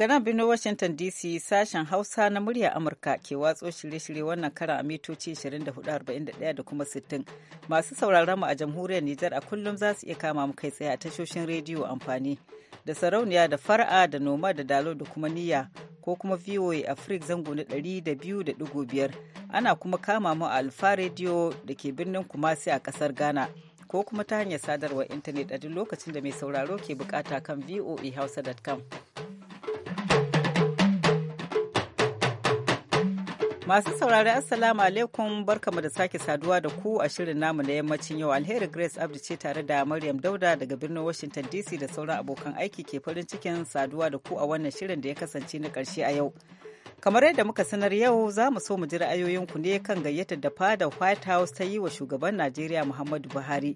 Daga nan birnin Washington DC sashen Hausa na murya Amurka ke watso shirye-shirye wannan kara a mitoci 24,41 da kuma 60. Masu sauraron mu a jamhuriyar Nijar a kullum za su iya kama mu kai tsaye a tashoshin rediyo amfani da sarauniya da far'a da noma da dalo da kuma niyya ko kuma VOA Africa zango na 200.5 ana kuma kama mu a Alfa Radio da ke birnin Kumasi a kasar Ghana. ko kuma ta hanyar sadarwar intanet a duk lokacin da mai sauraro ke bukata kan voahausa.com. Masu saurari Assalamu alaikum barkamu da sake saduwa da ku a shirin namu na yammacin yau alheri Grace Abdi ce tare da Maryam Dauda daga birnin Washington DC da sauran abokan aiki ke farin cikin saduwa da ku a wannan shirin da ya kasance na karshe a yau. kamar yadda muka sanar yau za mu so mu ji ra'ayoyinku ne kan gayyatar da fada white house ta yi wa shugaban najeriya muhammadu buhari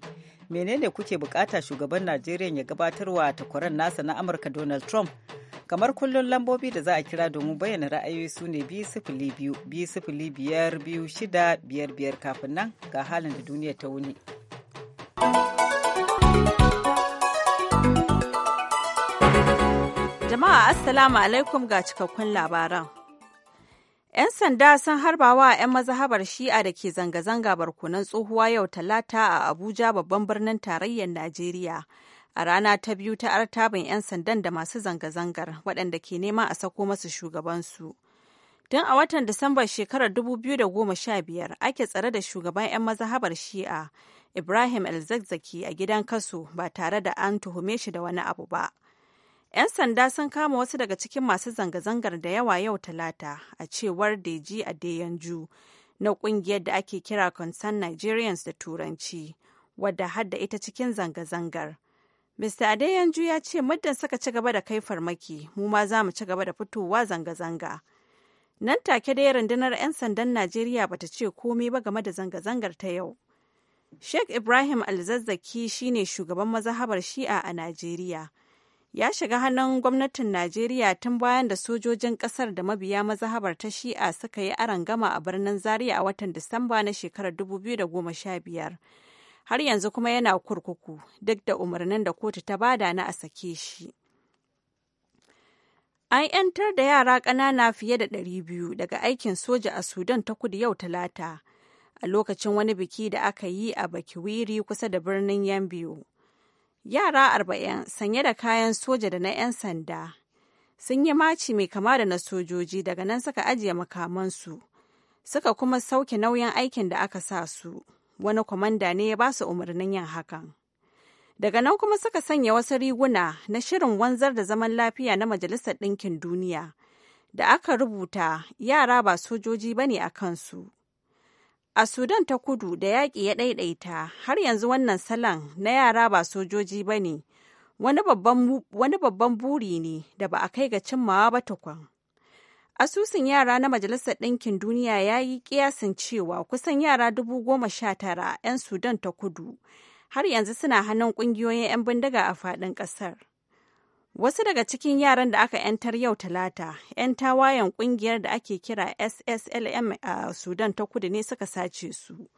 menene kuke bukata shugaban najeriya ya gabatarwa takwaran nasa na amurka donald trump kamar kullum lambobi da za a kira domin bayyana ra'ayoyi su ne biyu sifili biyu biyu sifili biyar biyu shida biyar biyar kafin nan ga halin da duniya ta wuni. jama'a assalamu alaikum ga cikakkun labaran 'Yan sanda sun harbawa 'yan mazahabar shi'a da ke zanga-zanga barkunan tsohuwa yau talata a Abuja babban birnin tarayyar Najeriya. A rana ta biyu ta artabin 'yan sandan da masu zanga-zangar waɗanda ke nema a sako masu shugabansu. Tun a watan Disambar shekarar 2015 ake tsare da shugaban 'yan mazahabar shi'a Ibrahim El-Zakzaki a gidan kaso ba tare da an tuhume shi da wani abu ba. 'Yan sanda sun kama wasu daga cikin masu zanga-zangar da yawa yau talata a cewar Deji Adeyanju na kungiyar da ake kira Concern Nigerians da Turanci, wadda hadda ita cikin zanga-zangar. Mr. Adeyanju ya ce muddin suka ci gaba da kai farmaki, mu ma za mu ci gaba da fitowa zanga-zanga. Nan take dai rundunar 'yan sandan Najeriya bata ce komai ba game da zanga-zangar ta yau. Sheikh Ibrahim Alzazzaki shine shugaban mazahabar Shi'a a Najeriya. ya shiga hannun gwamnatin Najeriya tun bayan da sojojin kasar da mabiya mazahabar ta shi'a suka yi gama a birnin Zaria a watan Disamba na shekarar 2015. Har yanzu kuma yana kurkuku duk da umarnin da kotu ta bada na a sake shi. An 'yantar da yara ƙanana fiye da 200 daga aikin soja a Sudan ta kudu yau talata a lokacin wani biki da aka yi a Bakiwiri kusa da birnin Yambio. yara arba'in sanye da kayan soja da na 'yan sanda sun yi maci mai kama da na sojoji daga nan suka ajiye makamansu suka kuma sauke nauyin aikin da aka sa su wani kwamanda ne ya ba su umarnin yin hakan daga nan kuma suka sanya wasu riguna na shirin wanzar da zaman lafiya na majalisar ɗinkin duniya da aka rubuta yara ba sojoji ba ne a kansu A Sudan ta kudu da yaƙi ya ɗaiɗaita har yanzu wannan salon na yara ba sojoji ba ne, wani babban buri ne da ba a kai ga cimmawa ba tukun. Asusun yara na Majalisar Ɗinkin Duniya ya yi ƙiyasin cewa kusan yara dubu goma sha tara 'yan Sudan ta kudu har yanzu suna hannun ƙungiyoyin 'yan bindiga a faɗin ƙasar. Wasu daga cikin yaran da aka 'yantar yau Talata, 'yan tawayen ƙungiyar da ake kira SSLM a Sudan ta kudu ne suka sace su.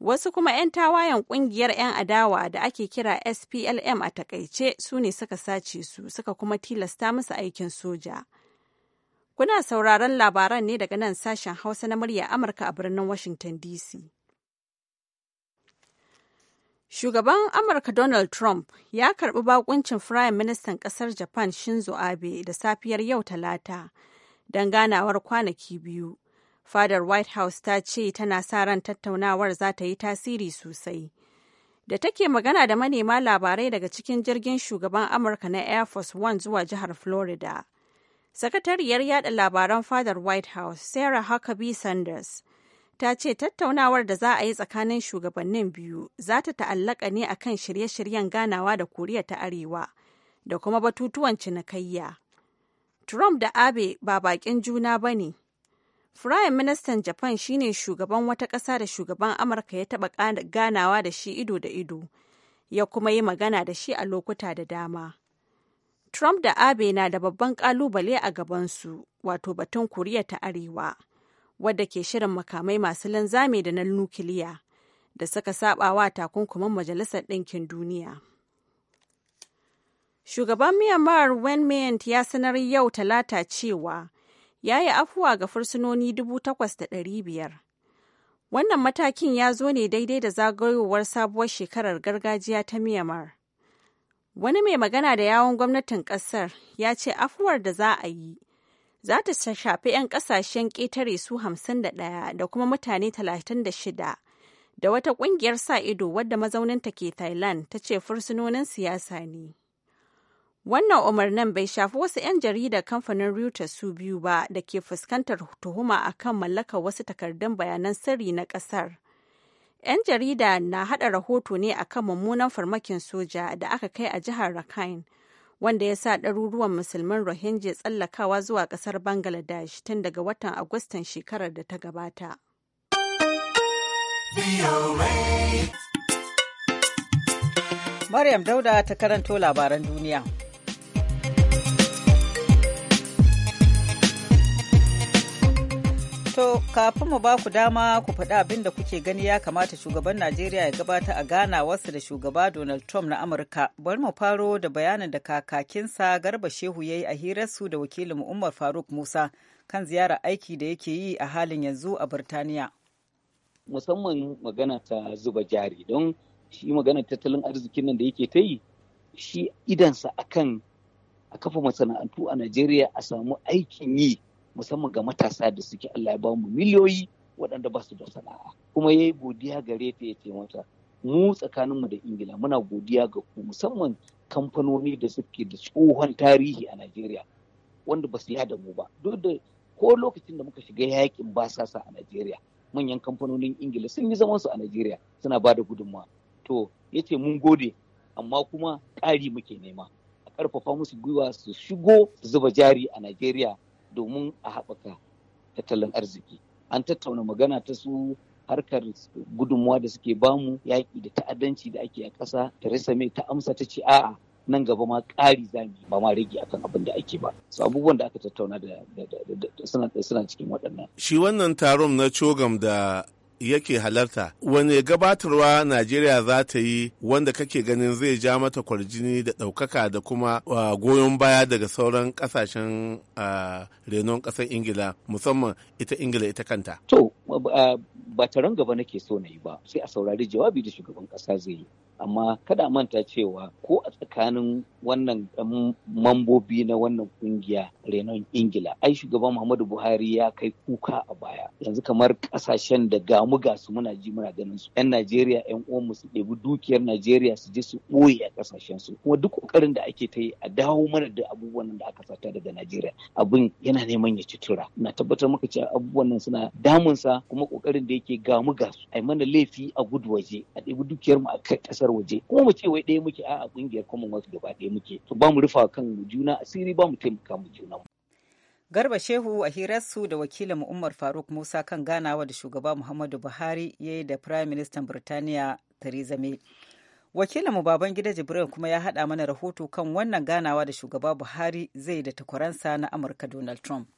Wasu kuma 'yan tawayen ƙungiyar 'yan adawa da ake kira SPLM a takaice su ne suka sace su, suka kuma tilasta musu aikin soja. Kuna sauraron labaran ne daga nan sashen Hausa na murya Amurka a birnin Washington DC. Shugaban Amurka Donald Trump ya karɓi bakuncin Firayim Ministan kasar Japan Shinzo Abe da safiyar yau Talata don ganawar kwanaki biyu. Fadar White House ta ce tana sa ran tattaunawar za ta yi tasiri sosai. Da take magana da manema labarai daga cikin jirgin shugaban Amurka na Air Force One zuwa jihar Florida. Sakatariyar yada labaran Fadar White House, Sarah Huckabee Sanders, ta ce tattaunawar da za a yi tsakanin shugabannin biyu za ta ta'allaka ne a kan shirye-shiryen ganawa da koriya ta arewa da kuma batutuwan cinikayya trump da abe ba bakin juna ba ne Firayim Ministan Japan shine shugaban wata ƙasa da shugaban Amurka ya taɓa ganawa da shi ido da ido, ya kuma yi magana da shi a lokuta da dama. Trump da Abe na da babban ƙalubale a gabansu, wato batun Koriya ta Arewa. wadda ke shirin makamai masu linzami da na nukiliya da suka sabawa takunkumin majalisar ɗinkin duniya. Shugaban Myanmar Wen Myint ya sanar yau talata cewa ya yi afuwa ga fursunoni 8,500. Wannan matakin ya zo ne daidai da zagayowar sabuwar shekarar gargajiya ta Myanmar. Wani mai magana da yawon gwamnatin ƙasar ya ce afuwar da za a yi za ta shafi 'yan kasashen ƙetare su 51 da kuma mutane 36 da wata ƙungiyar sa ido wadda mazauninta ke thailand ta ce fursunonin siyasa ne wannan umarnin bai shafi wasu 'yan jarida kamfanin reuters su biyu ba da ke fuskantar tuhuma akan mallakar wasu takardun bayanan sirri na ƙasar 'yan jarida na hada rahoto ne akan mummunan farmakin soja da aka kai a jihar rakhine wanda ya sa ɗaruruwan musulman Rohingya tsallakawa zuwa ƙasar Bangladesh tun daga watan Agustan shekarar da ta gabata. Maryam Dauda ta karanto labaran duniya. To, kafin mu ba ku dama ku faɗi abin da kuke gani ya kamata shugaban Najeriya ya gabata a ganawarsa da shugaba Donald Trump na Amurka. Bari mu faro da bayanin da kakakinsa Garba Shehu ya yi a hirarsu da wakilin Umar Faruk Musa kan ziyarar aiki da yake yi a halin yanzu a Birtaniya. Musamman magana ta zuba jari don shi magana tattalin arzikin nan da yake ta yi shi idansa akan a kafa masana'antu a Najeriya a samu aikin yi musamman ga matasa da suke Allah ya ba mu miliyoyi waɗanda ba su da sana'a kuma ya yi godiya gare ta ya ce mata mu tsakaninmu da ingila muna godiya ga ku musamman kamfanoni da suke da tsohon tarihi a najeriya wanda ba su yada mu ba duk da ko lokacin da muka shiga yakin basasa a najeriya manyan kamfanonin ingila sun yi zamansu a najeriya suna ba da gudunmawa to ya ce mun gode amma kuma ƙari muke nema a ƙarfafa musu gwiwa su shigo su zuba jari a najeriya domin a haɓaka tattalin arziki an tattauna magana ta su harkar gudunmuwa da suke bamu yaƙi da ta'addanci da ake a ƙasa Theresa May ta amsa ta ce a'a nan gaba ma ƙari zami ba ma rage akan abin da ake ba su abubuwan da aka tattauna da suna cikin waɗannan. Shi wannan taron na cogam da yake halarta wani gabatarwa najeriya za ta yi wanda kake ganin zai ja mata kwarjini da ɗaukaka da kuma goyon baya daga sauran ƙasashen renon ƙasar ingila musamman ita ingila ita kanta to ba taron gaba nake so na yi ba sai a saurari jawabi da shugaban ƙasa zai yi amma kada manta cewa ko a tsakanin wannan um, mambobi na wannan kungiya renon ingila ai shugaban muhammadu buhari ya kai kuka a baya yanzu kamar kasashen da gamu gasu muna ji muna ganin su yan najeriya yan uwanmu su ɗebi dukiyar najeriya su je su ɓoye a kasashen su kuma duk ƙoƙarin da ake ta yi a dawo mana da abubuwan da aka sata daga najeriya abin yana neman ya ci tura na tabbatar maka cewa abubuwan nan suna damunsa kuma ƙoƙarin da yake gamu gasu ai mana laifi a gudu waje a ɗebi dukiyar mu a kai ƙasa kasar waje kuma mu ce wai ɗaya muke kungiyar commonwealth gaba ɗaya muke to ba mu rufa kan juna asiri ba mu taimaka mu juna Garba Shehu a hirarsu da wakilin Umar Faruk Musa kan ganawa da shugaba Muhammadu Buhari ya yi da Firayim Ministan Birtaniya Theresa May. Wakilinmu baban gida Jibril kuma ya haɗa mana rahoto kan wannan ganawa da shugaba Buhari zai da takwaransa na Amurka Donald Trump.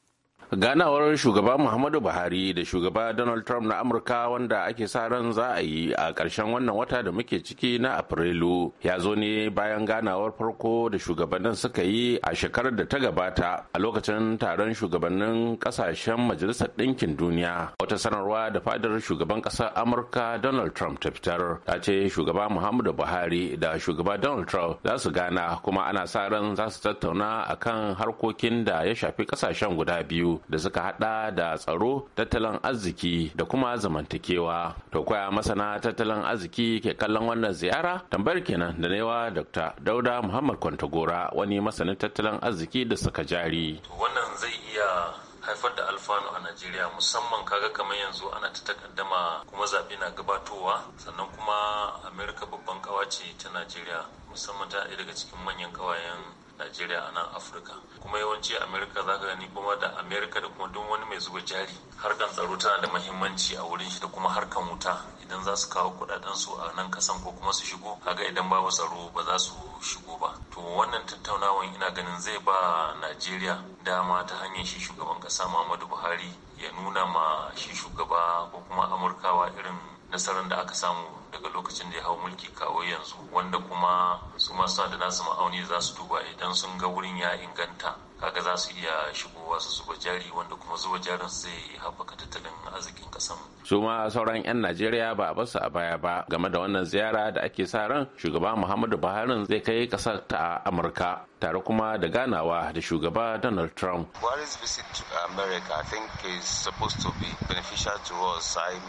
ganawar shugaba muhammadu buhari da shugaba donald trump na amurka wanda ake sa ran za a yi a ƙarshen wannan wata da muke ciki na afrilu ya zo ne bayan ganawar farko da shugabannin suka yi a shekarar da ta gabata a lokacin taron shugabannin ƙasashen majalisar ɗinkin duniya wata sanarwa da fadar shugaban ƙasar amurka donald trump ta fitar ta ce shugaba muhammadu buhari da shugaba donald trump za su gana kuma ana sa ran za su tattauna akan harkokin da ya shafi ƙasashen guda biyu da suka hada da tsaro tattalin arziki da kuma zamantakewa to kwaya masana tattalin arziki ke kallon wannan ziyara tambayar kenan da naiwa dr dauda muhammad kwantagora wani masanin tattalin arziki da suka jari wannan zai iya haifar da alfanu a najeriya musamman kaga kamar yanzu ana ta takaddama kuma zaɓe na gabatowa sannan kuma amerika babban kawace ta najeriya musamman ta daga cikin manyan kawayen najeriya a nan afirka kuma yawanci amerika za ka gani kuma da amerika da kuma duk wani mai zuba jari Harkar tsaro tana da mahimmanci a wurin shi da kuma harkan wuta idan za su kawo kudaden su a nan kasan ko kuma su shigo kaga idan babu tsaro ba za su shigo ba to wannan tattaunawan ina ganin zai ba najeriya dama ta hanyar shi shugaban kasa muhammadu buhari ya nuna ma shi shugaba ko kuma amurkawa irin nasarar da aka samu daga lokacin da ya hau mulki kawo yanzu wanda kuma su masu da nasu ma'auni za su duba idan sun ga wurin ya inganta kaga za su iya shigowa su zuba jari wanda kuma zuba jarin zai haɓaka tattalin arzikin kasan. su ma sauran 'yan najeriya ba a basu a baya ba game da wannan ziyara da ake sa ran shugaba muhammadu buhari zai kai kasar ta amurka tare kuma da ganawa da shugaba donald trump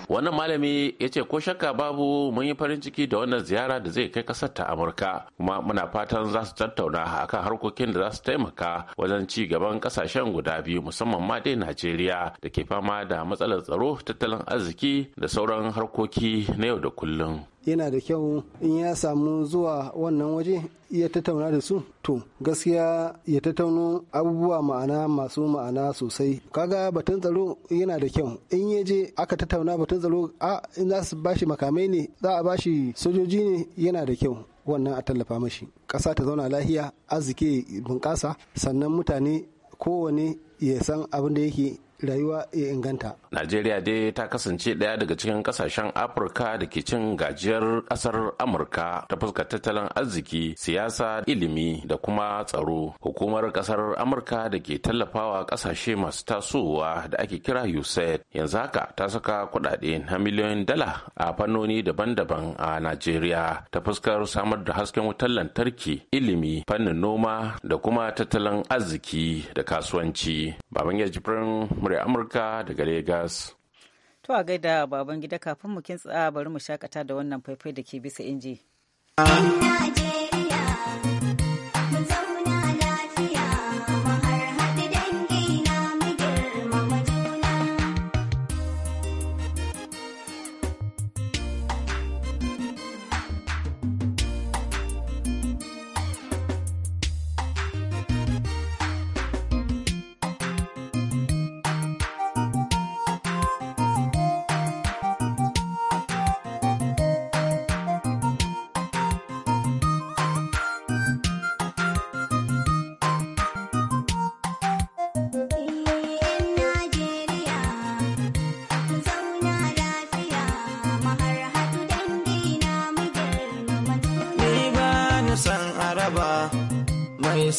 wani malami ya ce ko shakka babu mun yi farin ciki da wannan ziyara da zai kai kasar ta amurka kuma muna fatan za su tattauna akan harkokin da za su taimaka wajen ci gaban kasashen guda biyu musamman ma dai najeriya da ke fama da matsalar tsaro tattalin arziki da sauran harkoki na yau da kullum yana da kyau in ya samu zuwa wannan waje ya tattauna da su to gaskiya ya tattauno abubuwa ma'ana masu ma'ana sosai kaga batun tsaro yana da kyau in ya je aka tattauna batun tsaro a in za su bashi makamai ne za a bashi sojoji ne yana da kyau wannan a tallafa mashi ƙasa ta zauna lahiya arziki bunƙasa sannan mutane kowane ya san abin da yake rayuwa ya inganta. Najeriya dai ta kasance ɗaya daga cikin ƙasashen Afirka da ke cin gajiyar ƙasar Amurka ta fuskar tattalin arziki, siyasa, ilimi da kuma tsaro. Hukumar ƙasar Amurka da ke tallafawa ƙasashe masu tasowa da ake kira USAID yanzu haka ta saka kuɗaɗe na miliyoyin dala a fannoni daban-daban a Najeriya ta fuskar samar da hasken wutar lantarki, ilimi, fannin noma da kuma tattalin arziki da kasuwanci. Baban Yajibirin murya Amurka daga Legas. To a gaida baban gida kafin mu kintsa bari mu shakata da wannan faifai da ke bisa inji.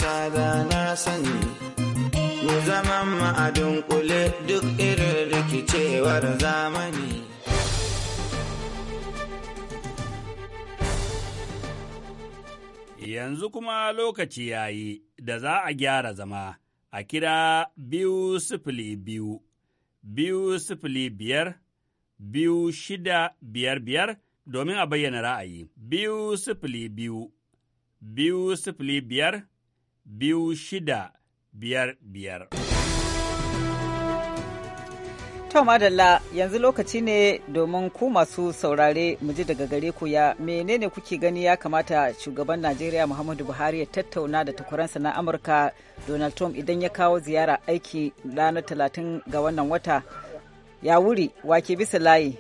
sada na sani mu zaman ma'adun kule duk irin rikicewar zamani yanzu kuma lokaci ya yi da za a gyara zama a kira biyu sifili biyu biyu sifili biyar biyu shida biyar biyar domin a bayyana ra'ayi biyu sifili biyu biyu sifili biyar biyu shida biyar biyar. To madalla yanzu lokaci ne domin ku masu saurare mu ji daga gare ku ya menene kuke gani ya kamata shugaban Najeriya Muhammadu Buhari ya tattauna da takwaransa na Amurka Donald Trump idan ya kawo ziyara aiki ranar talatin ga wannan wata. Ya wuri wake bisa layi.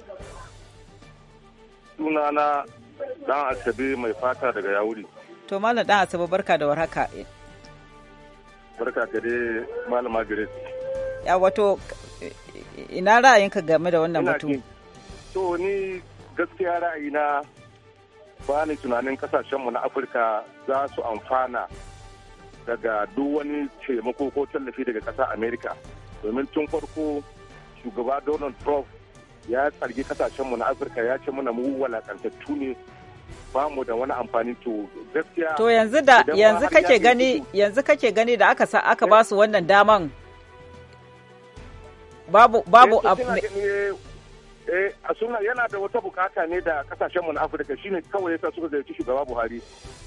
Sunana dan Asabe mai fata daga Yawuri. To Malam dan Asabe barka da warhaka. barka dai malama grace ya wato ina ra'ayinka game da wannan batu to ni gaskiya ra'ayina ba ni tunanin kasashenmu na afirka za su amfana daga duk wani taimako ko tallafi daga ƙasa amerika domin tun farko shugaba donald trump ya tsargi kasashenmu na afirka ya ce muna mu walakantattu ne ba mu da wani amfani to gaskiya to yanzu da yanzu kake gani yanzu kake gani da aka sa aka eh? ba su wannan daman babu eh, babu eh a suna yana da wata bukata ne da kasashen mu na Afirka shine kawai yasa suka ziyarci shugaba Buhari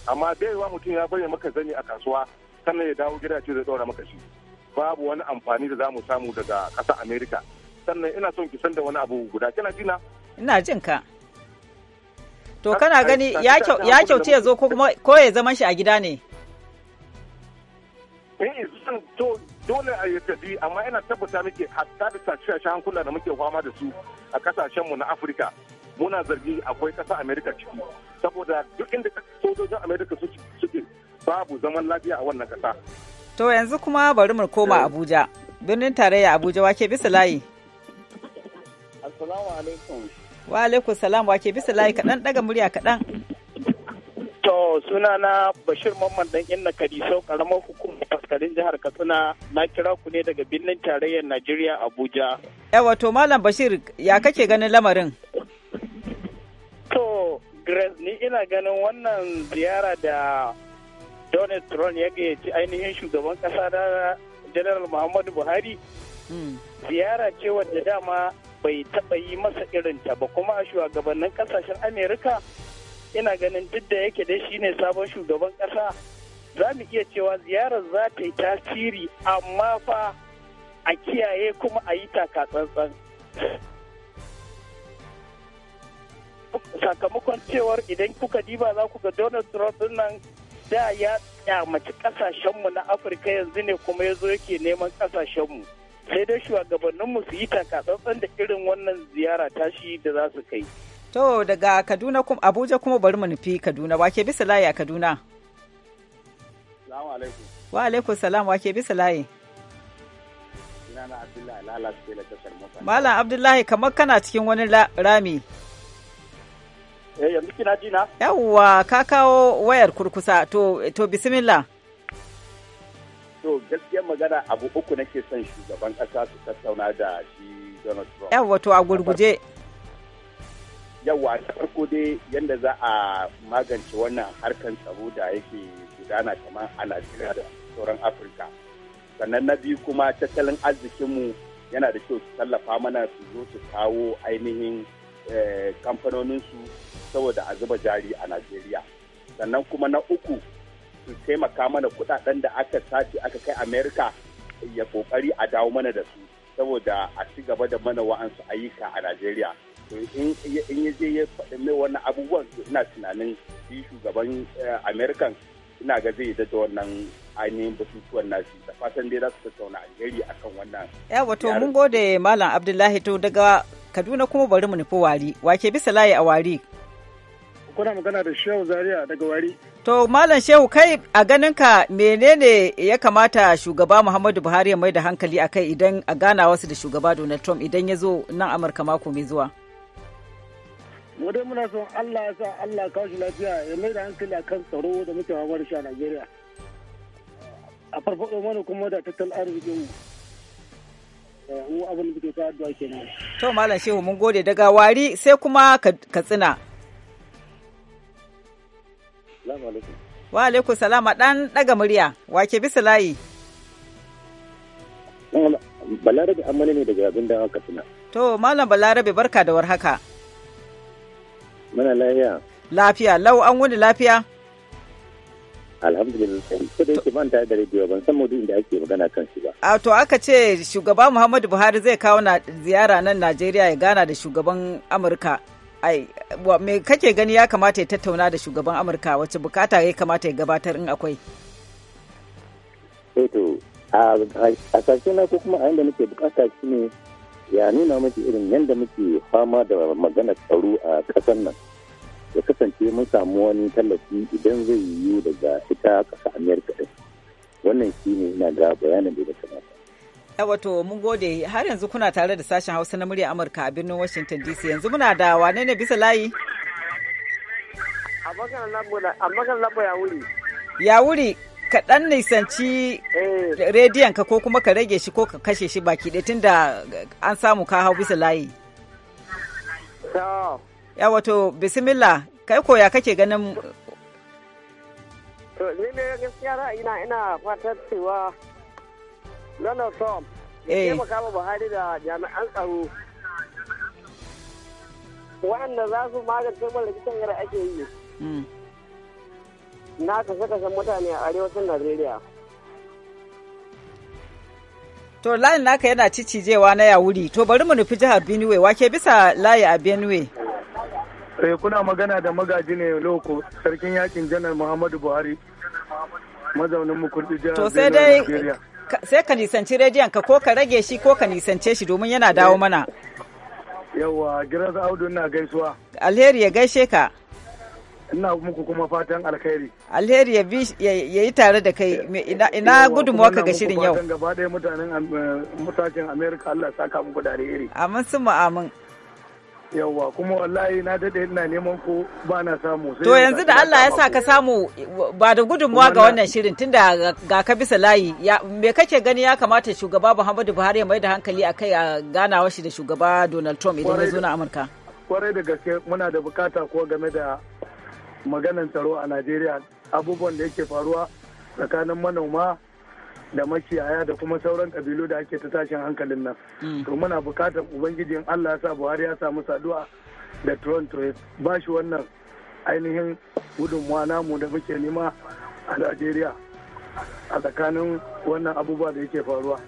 amma daiwa mutum ya bayyana maka zani a kasuwa sannan ya dawo gida ce zai daura maka shi babu wani amfani da zamu samu daga ƙasar Amerika sannan ina son ki san da wani abu guda kina jina ina jin ka To kana gani ya kyauta ya zo ko kuma ko ya zama shi a gida ne? Eh, dole a tafi amma ina tabbata muke hatta da tashi hankula da muke fama da su a kasashenmu na Afirka. Muna zargi akwai kasa Amerika ciki. Saboda duk inda sojojin Amerika suke babu zaman lafiya a wannan kasa. To yanzu kuma bari mu koma eh. Abuja. Birnin tarayya Abuja wake bisa layi. Assalamu alaikum. Wa alaikun salam wa ke bisa layi kaɗan ɗaga murya kaɗan. To sunana Bashir Mamman dan inna Kadiso karamar hukumar faskarin jihar Katsina na kira ku ne daga birnin tarayyar Najeriya Abuja. Yawa to Malam Bashir ya kake ganin lamarin? To Grace ni ina ganin wannan ziyara da Donald Trump ya gayyaci ainihin shugaban kasa da General Muhammadu Buhari. Hmm. Ziyara ce wadda dama bai taɓa yi masa irin ta ba kuma a shugabannin kasashen amerika ina ganin duk da yake dai shine sabon shugaban ƙasa za mu iya cewa ziyarar za ta yi tasiri amma fa a kiyaye kuma a yi taka tsantsan sakamakon cewar idan kuka diba za ku ga donald trump nan da ya kyamaci kasashenmu na afirka yanzu ne kuma ya zo yake neman kasashenmu. sai dai shugabanninmu su yi takatsantsan da irin wannan ziyara tashi da za su kai. To daga Kaduna kuma Abuja kuma bari mu nufi Kaduna wake bisa layi a Kaduna. Wa alaikum salam wake bisa layi. Malam Abdullahi kamar kana cikin wani rami. Eh yanzu kina jina? Yawwa ka kawo wayar kurkusa to to bismillah. to gaskiyar magana abu uku nake son shugaban kasa su tattauna da shi donald trump yawa to a gurguje yawa ta farko dai yadda za a magance wannan harkan tsaro da yake gudana kamar a najeriya da sauran afirka sannan na biyu kuma tattalin arzikinmu yana da kyau su tallafa mana su zo su kawo ainihin eh, kamfanoninsu saboda a zuba jari a najeriya sannan kuma na uku su taimaka mana kudaden da aka sace aka kai amerika ya kokari a dawo mana da su saboda a ci gaba da mana wa'ansu ayyuka a najeriya in ya je ya faɗi mai wannan abubuwan ina tunanin shi shugaban eh, american ina ga zai da wannan ainihin batutuwan nasi da fatan dai za su tattauna alheri akan wannan yawa to mun gode malam abdullahi to daga kaduna kuma bari mu nufi wari wake bisa layi a wari kuna magana da Shehu Zaria daga Wari. To Malam Shehu kai a ganinka menene ya kamata shugaba Muhammadu Buhari ya mai da hankali a kai idan a gana wasu da shugaba Donald Trump idan ya zo nan Amurka mako mai zuwa? Mu dai muna son Allah ya sa Allah kawo shi lafiya ya mai da hankali akan tsaro da muke fama shi a nigeria. A farfaɗo mana kuma da tattalin arzikin Mu abin da muke sa addu'a kenan. To Malam Shehu mun gode daga Wari sai kuma ka tsina. Wa alaikun salama dan daga murya. Wake bisa layi. Balarabe amana ne daga abin da aka tuna. To Malam Balarabe barka da warhaka. Mana lafiya. Lafiya lau an wuni lafiya. Alhamdulillah ko da yake ban tare da rediyo ban san maudu'in da ake magana kan shi ba. A to aka ce shugaba Muhammadu Buhari zai kawo na ziyara nan Najeriya ya gana da shugaban Amurka. ai me kake gani ya kamata ya tattauna da shugaban amurka wacce bukata ya kamata ya gabatar in akwai eto eh, a sashe na ko kuma a yadda muke bukata shi ne ya nuna mace irin yadda muke fama da magana tsaro a ƙasar nan ya kasance mun samu wani tallafi idan zai yiwu daga ita ƙasa amerika din wannan shi ne ina ga bayanin da ya kamata Eh, wato mun gode har yanzu kuna tare da sashen hausa na murya amurka a birnin washington dc yanzu muna da wane ne bisa layi a labo ya wuri ya wuri nisanci eh. rediyon ka ko kuma ka rage shi ko ka kashe shi baki ɗaya da an samu ka hau bisa layi ya wato bismillah kai ko ya kake ganin ni ne gaskiya ra'ayina ina fatar cewa Donald eh. tsaro waanda za magance yi. Hmm. Na a arewacin Najeriya. To layin naka yana cicijewa na yawuri, to bari mu nufi jihar Benue, wake bisa layi a Benue. Eh kuna magana da magaji ne loko sarkin yakin janar Muhammadu Buhari mazaunin mukurdi jihar Benue. To sai dai sai ka nisanci rediyon ka ko ka rage shi ko ka nisance shi domin yana dawo mana. Yawwa gidan Audu ina gaisuwa. Alheri ya gaishe ka. Ina muku kuma fatan alheri. Alheri ya ya yi tare da kai ina gudunmuwa ka ga shirin yau. Ina muku fatan gaba ɗaya mutanen eh, mutakin Amerika Allah saka muku da alheri. Amin su mu amin. yawwa kuma wallahi na dade ina neman ko ba na samu to yanzu da Allah ya sa ka samu ba da gudunmuwa ga wannan shirin tunda ga ka bisa layi me kake gani ya kamata shugaba Muhammadu Buhari ya mai da hankali akai a ganawa shi da shugaba Donald Trump idan ya zo na Amurka kwarai da gaske muna da bukata ko game da maganan tsaro a Najeriya abubuwan da yake faruwa tsakanin manoma da makiyaya da kuma sauran kabilu da ake ta tashin hankalin nan mm. to muna bukatar ubangijin allah ya sa buhari ya samu saduwa da toronto ba shi wannan ainihin gudunmuwa namu da muke nema a najeriya a tsakanin wannan abubuwa da yake faruwa.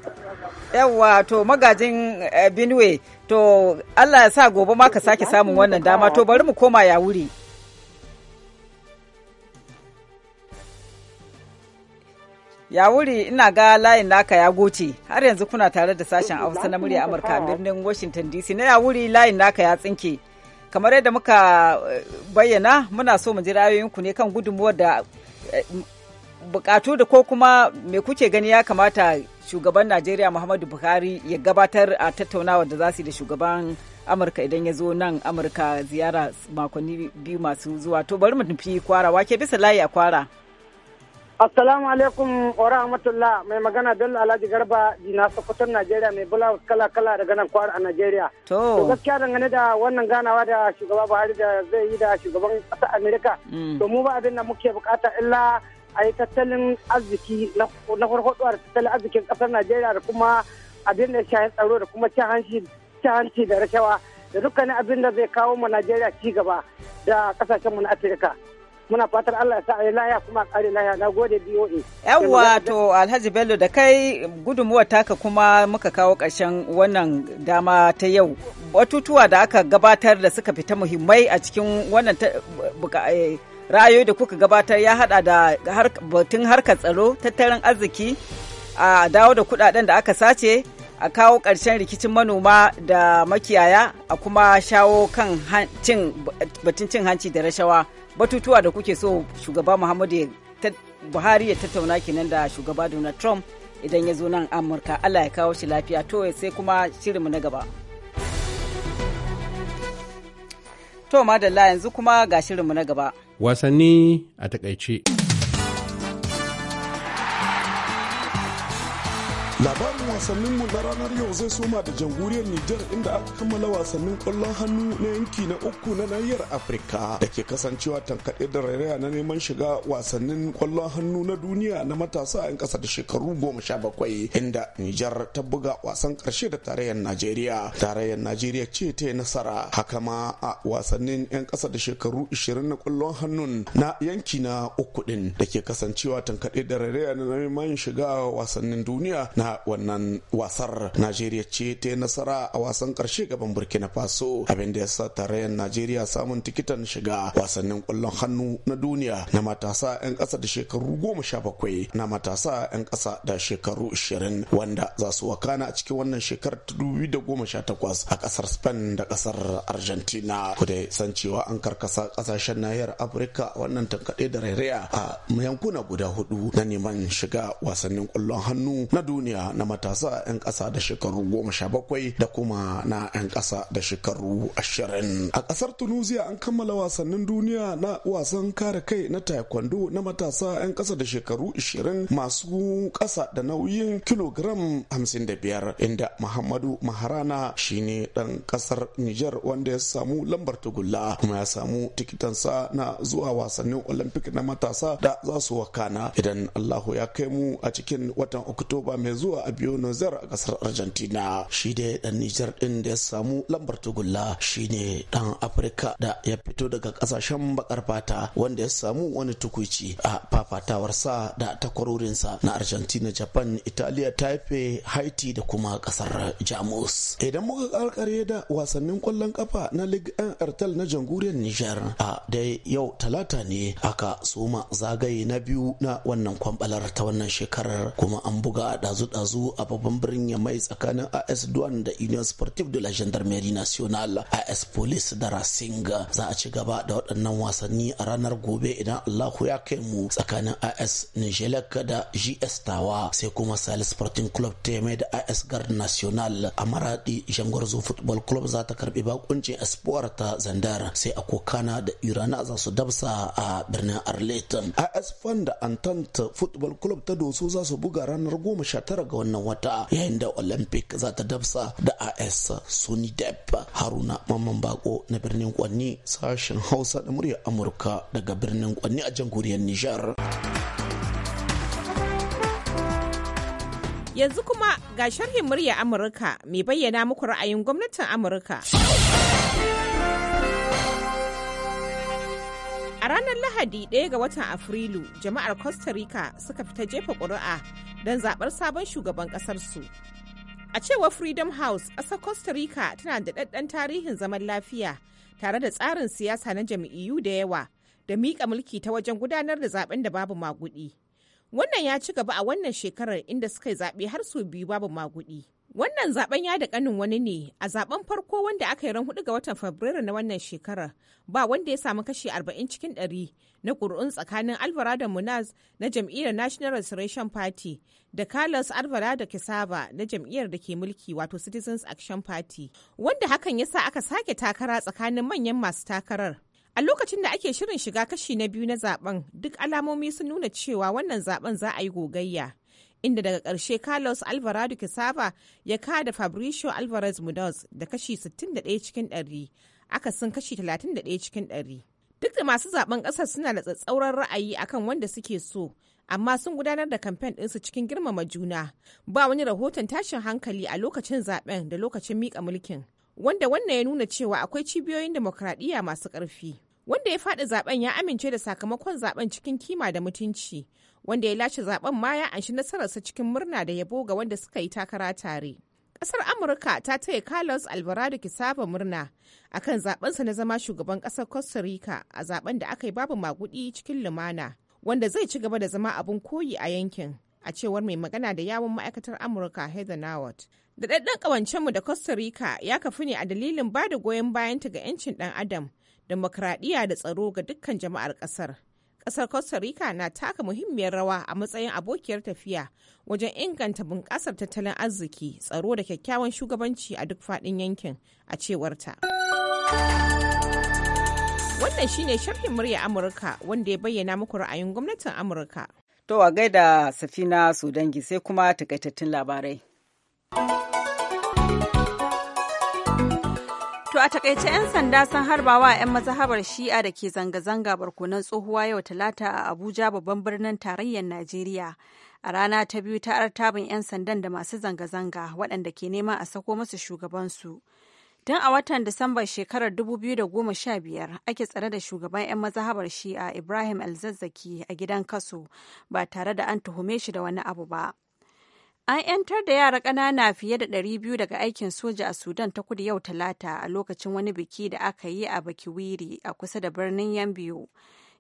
yawa to magajin eh, Benue to Allah ya sa gobe ma ka sake samun wannan dama to bari mu koma ya wuri. Ya wuri ina ga layin naka ya goce har yanzu kuna tare da sashen Hausa na murya Amurka birnin Washington DC na ya wuri layin naka ya tsinke. Kamar yadda muka eh, bayyana muna so mu ji ra'ayoyinku ne kan gudunmuwar da eh, bukatu da ko kuma me kuke gani ya kamata shugaban Najeriya Muhammadu Buhari ya gabatar a tattaunawa da za su yi da shugaban Amurka idan ya zo nan Amurka ziyara makonni biyu masu zuwa to bari mu nufi kwara wake bisa layi a kwara. Assalamu alaikum wa rahmatullah mai magana Bello Alhaji Garba Jina Sokoton Najeriya mai bulawu kala kala daga nan kwar a Najeriya. To gaskiya dangane da wannan ganawa da shugaba Buhari da zai yi da shugaban ƙasar Amerika. Mm. To mu ba abin da muke bukata illa a yi tattalin arziki na farfaɗuwa da tattalin arzikin ƙasar Najeriya da kuma abin da shahin tsaro da kuma cin hanci da rashawa da dukkanin abin da zai kawo mu Najeriya ci gaba da ƙasashenmu na Afirka. muna fatar Allah ya sa a laya kuma kare laya na gode DOA. Yawwa to Alhaji Bello da kai gudunmuwar taka kuma muka kawo ƙarshen wannan dama ta yau. Batutuwa da aka gabatar da suka fita muhimmai a cikin wannan eh, ra'ayoyi da kuka gabatar ya hada da batun harkar tsaro tattalin arziki a dawo da kudaden da aka sace a kawo ƙarshen rikicin manoma da makiyaya a kuma shawo kan batun cin hanci da rashawa. batutuwa da kuke so shugaba muhammadu buhari ya tattauna kenan da shugaba donald trump idan ya zo nan amurka allah ya kawo shi lafiya to sai kuma shirinmu na gaba to madalla yanzu kuma ga shirinmu na gaba wasanni a takaice labarin wasannin mu na ranar yau zai soma da jamhuriyar Nijar inda aka kammala wasannin kwallon hannu na yanki na uku na nahiyar Afirka da ke kasancewa tankaɗe da rairaya na neman shiga wasannin kwallon hannu na duniya na matasa 'yan ƙasa da shekaru goma sha bakwai inda Nijar ta buga wasan ƙarshe da tarayyar Najeriya. Tarayyar Najeriya ce ta yi nasara haka ma a wasannin 'yan ƙasa da shekaru 20 na kwallon hannun na yanki na uku ɗin da ke kasancewa tankaɗe da rairaya na neman shiga wasannin duniya na wannan wannan wasar najeriya ce ta yi nasara a wasan karshe gaban burkina faso abin da ya sa tarayyar najeriya samun tikitan shiga wasannin kwallon hannu na duniya na matasa 'yan ƙasa da shekaru goma sha bakwai na matasa 'yan ƙasa da shekaru ashirin wanda za su wakana a cikin wannan shekarar ta dubu da goma sha takwas a ƙasar spain da ƙasar argentina ku dai san cewa an karkasa ƙasashen nahiyar afirka wannan tankaɗe da rairaya a yankuna guda hudu na neman shiga wasannin kwallon hannu na duniya na matasa matasa 'yan ƙasa da shekaru goma sha bakwai da kuma na 'yan ƙasa da shekaru ashirin. A ƙasar Tunisia an kammala wasannin duniya na wasan kare kai na taekwondo na matasa 'yan ƙasa da shekaru ashirin masu ƙasa da nauyin kilogram hamsin da biyar inda Muhammadu Maharana shine ɗan ƙasar Nijar wanda ya samu lambar tugulla kuma ya samu tikitansa na zuwa wasannin Olympic na matasa da za su wakana idan Allahu ya kai mu a cikin watan Oktoba mai zuwa a biyu Buenos a kasar Argentina shi dai dan Nijar din da ya samu lambar tugulla ne dan Afirka da ya fito daga kasashen bakar fata wanda ya samu wani tukuici a fafatawarsa da takwarorinsa na Argentina Japan Italiya Taipei Haiti da kuma kasar Jamus idan muka karkare da wasannin kwallon kafa na Ligue 1 Ertel na jamhuriyar Nijar a dai yau talata ne aka soma zagaye na biyu na wannan kwambalar ta wannan shekarar kuma an buga dazu-dazu a babban birnin ya mai tsakanin AS Duan da Union Sportive de la Gendarmerie Nationale AS Police da Racing za a ci gaba da waɗannan wasanni a ranar gobe idan Allahu ya kai mu tsakanin AS Nijelek da GS Tawa sai kuma Sale Sporting Club Teme da AS gar National a Maradi Jangorzo Football Club za ta karbi bakuncin Espoir ta Zandar sai a Kokana da Irana za su dabsa a birnin arleton AS Fan da Antant Football Club ta Doso za su buga ranar goma sha tara ga wannan wata ta yayin da olympic za ta dafsa da as sony dep haruna mamman bako na birnin kwanni sashen hausa da muryar amurka daga birnin kwanni a jamhuriyar nijar yanzu kuma ga sharhin murya amurka mai bayyana muku ra'ayin gwamnatin amurka A ranar Lahadi ɗaya ga watan Afrilu, jama'ar Costa Rica suka fita jefa ƙuri'a don zaɓar sabon shugaban ƙasarsu. A cewar Freedom House, ƙasar Costa Rica tana da ɗaɗɗan tarihin zaman lafiya tare da tsarin siyasa na jam'iyyu da yawa da miƙa mulki ta wajen gudanar da zaɓen da babu maguɗi. Wannan ya ci gaba a wannan shekarar inda suka yi zaɓe har sau biyu babu maguɗi. Wannan zaben ya da kanin wani ne a zaben farko wanda aka yi ran hudu ga watan Fabrairu na wannan shekarar ba wanda ya samu kashi 40 cikin 100 na ƙuri'un tsakanin Alvarado Munaz na jam'iyyar National Restoration Party da Carlos Alvarado Quesada na jam'iyyar da ke mulki wato Citizens Action Party wanda hakan ya sa aka sake takara tsakanin manyan masu takarar. A lokacin da ake shirin shiga kashi na biyu na zaben, duk alamomi sun nuna cewa wannan zaben za a yi gogayya. inda daga ƙarshe Carlos Alvarado Quesada ya kada Fabricio Alvarez Munoz da kashi 61 cikin 100, akasin kashi 31 cikin ɗari. Duk da masu zaben ƙasar suna da tsatsauran ra'ayi akan wanda suke so, amma sun gudanar da kamfen ɗinsu cikin girmama juna. Ba wani rahoton tashin hankali a lokacin zaben da lokacin miƙa mulkin, wanda wannan ya nuna cewa akwai cibiyoyin demokradiyya masu ƙarfi. Wanda ya faɗi zaben ya amince da sakamakon zaben cikin kima da mutunci. wanda ya lashe zaben ma ya anshi nasararsa cikin murna da yabo ga wanda suka yi takara tare. Kasar Amurka ta taya Carlos Alvarado Kisaba murna akan zabensa na zama shugaban kasar Costa Rica a zaben da aka yi babu magudi cikin lumana wanda zai ci gaba da zama abun koyi a yankin a cewar mai magana da yawon ma'aikatar Amurka Heather Nauert. Da ɗaɗɗan ƙawancenmu da Costa Rica ya kafi ne a dalilin ba da goyon bayanta ga 'yancin ɗan Adam, demokradiyya da tsaro ga dukkan jama'ar ƙasar. kasar Costa Rica na taka muhimmiyar rawa a matsayin abokiyar tafiya wajen inganta bunƙasar tattalin arziki, tsaro da kyakkyawan shugabanci a duk faɗin yankin, a cewarta. Wannan shine sharhin murya Amurka wanda ya bayyana muku ra'ayin gwamnatin Amurka. To a gaida Safina Sudangi sai kuma takaitattun labarai. a takaice 'yan sanda sun harbawa wa 'yan mazahabar shi'a da ke zanga-zanga barkunan tsohuwa yau talata a Abuja babban birnin tarayyar Najeriya. A rana ta biyu ta artabin 'yan sandan da masu zanga-zanga waɗanda ke nema a sako musu shugabansu. Tun a watan Disambar shekarar 2015 ake tsare da shugaban 'yan mazahabar shi'a Ibrahim Alzazzaki a gidan kaso ba tare da an tuhume shi da wani abu ba. An 'yantar da yara ƙanana fiye da 200 daga aikin soja a Sudan ta kudu yau Talata a lokacin wani biki da aka yi a Bakiwiri a kusa da birnin Yambiyo.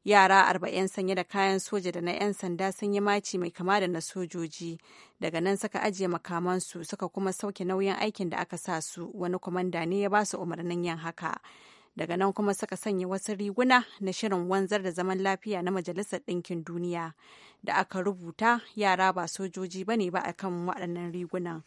Yara arba'in sanye da kayan soja da na 'yan sanda sun yi maci mai kama da na sojoji. Daga nan suka ajiye makamansu suka kuma sauke nauyin aikin da aka sa su wani kwamanda ne ya ba su umarnin yin haka. daga nan kuma suka sanya wasu riguna na shirin wanzar da zaman lafiya na majalisar ɗinkin duniya da aka rubuta yara ba sojoji ba ne ba a kan waɗannan rigunan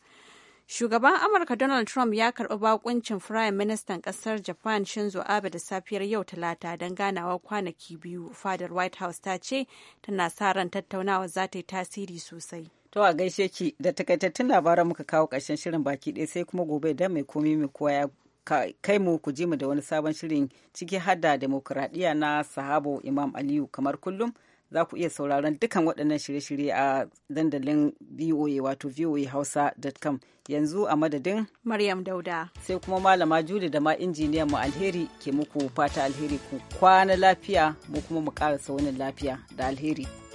shugaban amurka donald trump ya karɓi bakuncin firayim ministan ƙasar japan shinzo abe da safiyar yau talata don ganawa kwanaki biyu fadar white house ta ce tana sa ran tattaunawa za ta yi tasiri sosai To a gaishe ki da takaitattun labaran muka kawo ƙarshen shirin baki ɗaya sai kuma gobe dan mai komi mai kowa ya kai mu ku ji mu da wani sabon shirin ciki hada demokuraɗiyya na sahabo Imam Aliyu kamar kullum. Za ku iya sauraron dukkan waɗannan shirye-shirye a dandalin VOA wato voahausa.com yanzu a madadin Maryam Dauda. Sai kuma malama Juli da ma injiniyan mu alheri ke muku fata alheri ku kwana lafiya mu kuma mu ƙarasa wani lafiya da alheri.